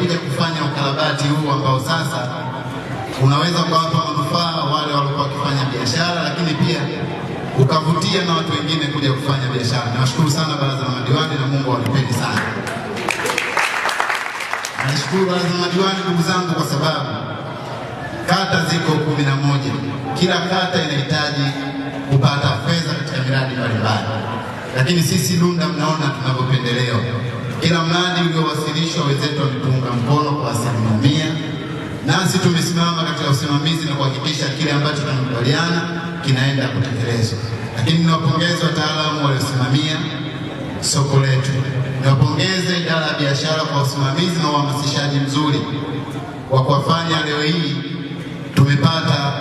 kuja kufanya ukarabati huu ambao sasa unaweza ukawapa manufaa wale waliokuwa wakifanya biashara, lakini pia ukavutia na watu wengine kuja kufanya biashara. Nawashukuru sana baraza la madiwani na Mungu awalipeni sana. Nashukuru baraza la madiwani ndugu zangu, kwa sababu kata ziko kumi na moja. Kila kata inahitaji kupata fedha katika miradi mbalimbali, lakini sisi Lunda mnaona tunavyopendelewa. Kila mradi uliowasilishwa wenzetu wametuunga mkono kwa asilimia mia, nasi tumesimama katika usimamizi na kuhakikisha kile ambacho tunakubaliana kinaenda kutekelezwa. Lakini niwapongeze wataalamu waliosimamia soko letu, niwapongeze idara ya biashara kwa usimamizi na uhamasishaji mzuri wa kuwafanya leo hii tumepata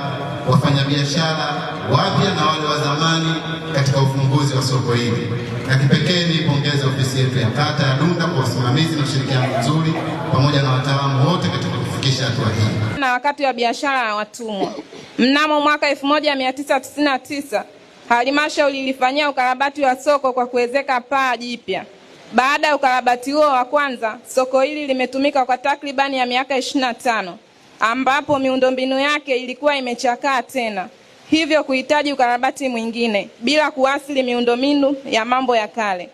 wafanyabiashara wapya na wale wa zamani katika ufunguzi wa soko hili, na kipekee niipongeze ofisi yetu ya kata ya Dunda kwa usimamizi na ushirikiano mzuri pamoja na wataalamu wote katika kufikisha hatua hii. Na wakati wa biashara ya watumwa, mnamo mwaka 1999 halmashauri ilifanyia ukarabati wa soko kwa kuwezeka paa jipya. Baada ya ukarabati huo wa kwanza, soko hili limetumika kwa takribani ya miaka 25 ambapo miundombinu yake ilikuwa imechakaa tena hivyo kuhitaji ukarabati mwingine bila kuasili miundombinu ya mambo ya kale.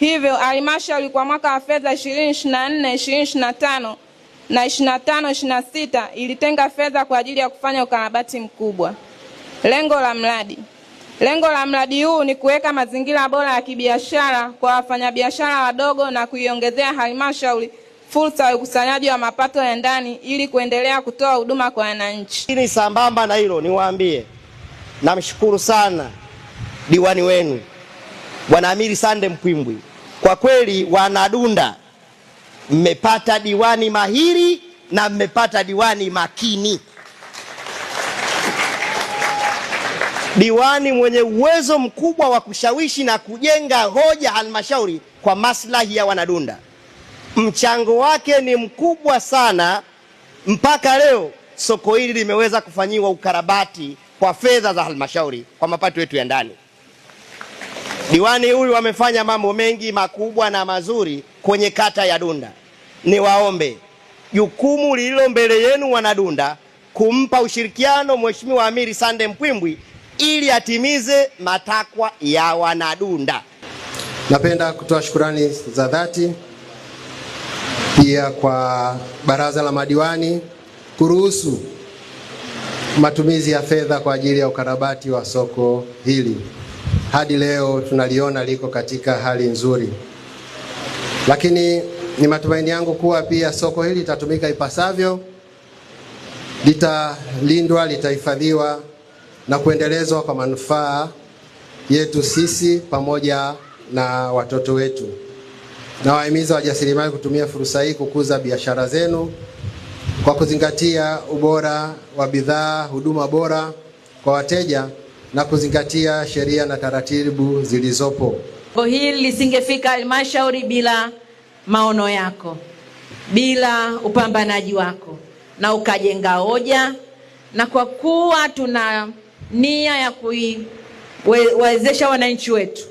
Hivyo halmashauri kwa mwaka wa fedha 2024 2025 na 25 26 ilitenga fedha kwa ajili ya kufanya ukarabati mkubwa. Lengo la mradi lengo la mradi huu ni kuweka mazingira bora ya kibiashara kwa wafanyabiashara wadogo na kuiongezea halmashauri fursa ya ukusanyaji wa mapato ya ndani ili kuendelea kutoa huduma kwa wananchi. Ili sambamba na hilo niwaambie Namshukuru sana diwani wenu Bwana Amiri Sande Mkwimbwi, kwa kweli wanadunda, mmepata diwani mahiri na mmepata diwani makini, diwani mwenye uwezo mkubwa wa kushawishi na kujenga hoja halmashauri kwa maslahi ya wanadunda. Mchango wake ni mkubwa sana, mpaka leo soko hili limeweza kufanyiwa ukarabati kwa fedha za halmashauri kwa mapato yetu ya ndani. Diwani huyu amefanya mambo mengi makubwa na mazuri kwenye kata ya Dunda. Niwaombe jukumu lililo mbele yenu, wanadunda, kumpa ushirikiano Mheshimiwa Amiri Sande Mpwimbwi ili atimize matakwa ya wanadunda. Napenda kutoa shukurani za dhati pia kwa baraza la madiwani kuruhusu matumizi ya fedha kwa ajili ya ukarabati wa soko hili hadi leo tunaliona liko katika hali nzuri, lakini ni matumaini yangu kuwa pia soko hili litatumika ipasavyo, litalindwa, litahifadhiwa na kuendelezwa kwa manufaa yetu sisi pamoja na watoto wetu. Nawahimiza wajasiriamali kutumia fursa hii kukuza biashara zenu kwa kuzingatia ubora wa bidhaa, huduma bora kwa wateja na kuzingatia sheria na taratibu zilizopo. Jambo hili lisingefika halmashauri bila maono yako, bila upambanaji wako, na ukajenga hoja, na kwa kuwa tuna nia ya kuwawezesha wananchi wetu,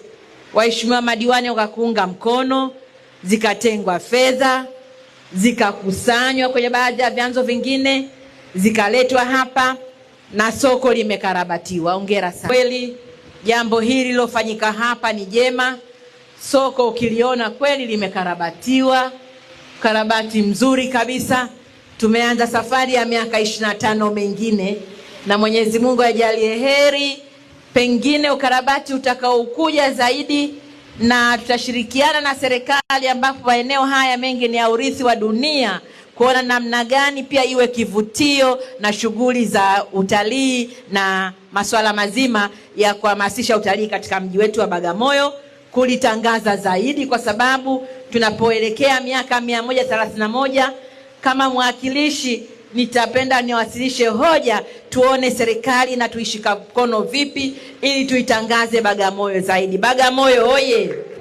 waheshimiwa madiwani wakakuunga mkono, zikatengwa fedha zikakusanywa kwenye baadhi ya vyanzo vingine, zikaletwa hapa na soko limekarabatiwa. Ongera sana. Kweli jambo hili lilofanyika hapa ni jema. Soko ukiliona kweli limekarabatiwa, ukarabati mzuri kabisa. Tumeanza safari ya miaka ishirini na tano mengine, na Mwenyezi Mungu ajalie heri, pengine ukarabati utakaokuja zaidi na tutashirikiana na serikali ambapo maeneo haya mengi ni ya urithi wa dunia kuona namna gani pia iwe kivutio na shughuli za utalii na masuala mazima ya kuhamasisha utalii katika mji wetu wa Bagamoyo, kulitangaza zaidi, kwa sababu tunapoelekea miaka mia moja thelathini na moja kama mwakilishi nitapenda niwasilishe hoja, tuone serikali na tuishika mkono vipi, ili tuitangaze Bagamoyo zaidi. Bagamoyo oye!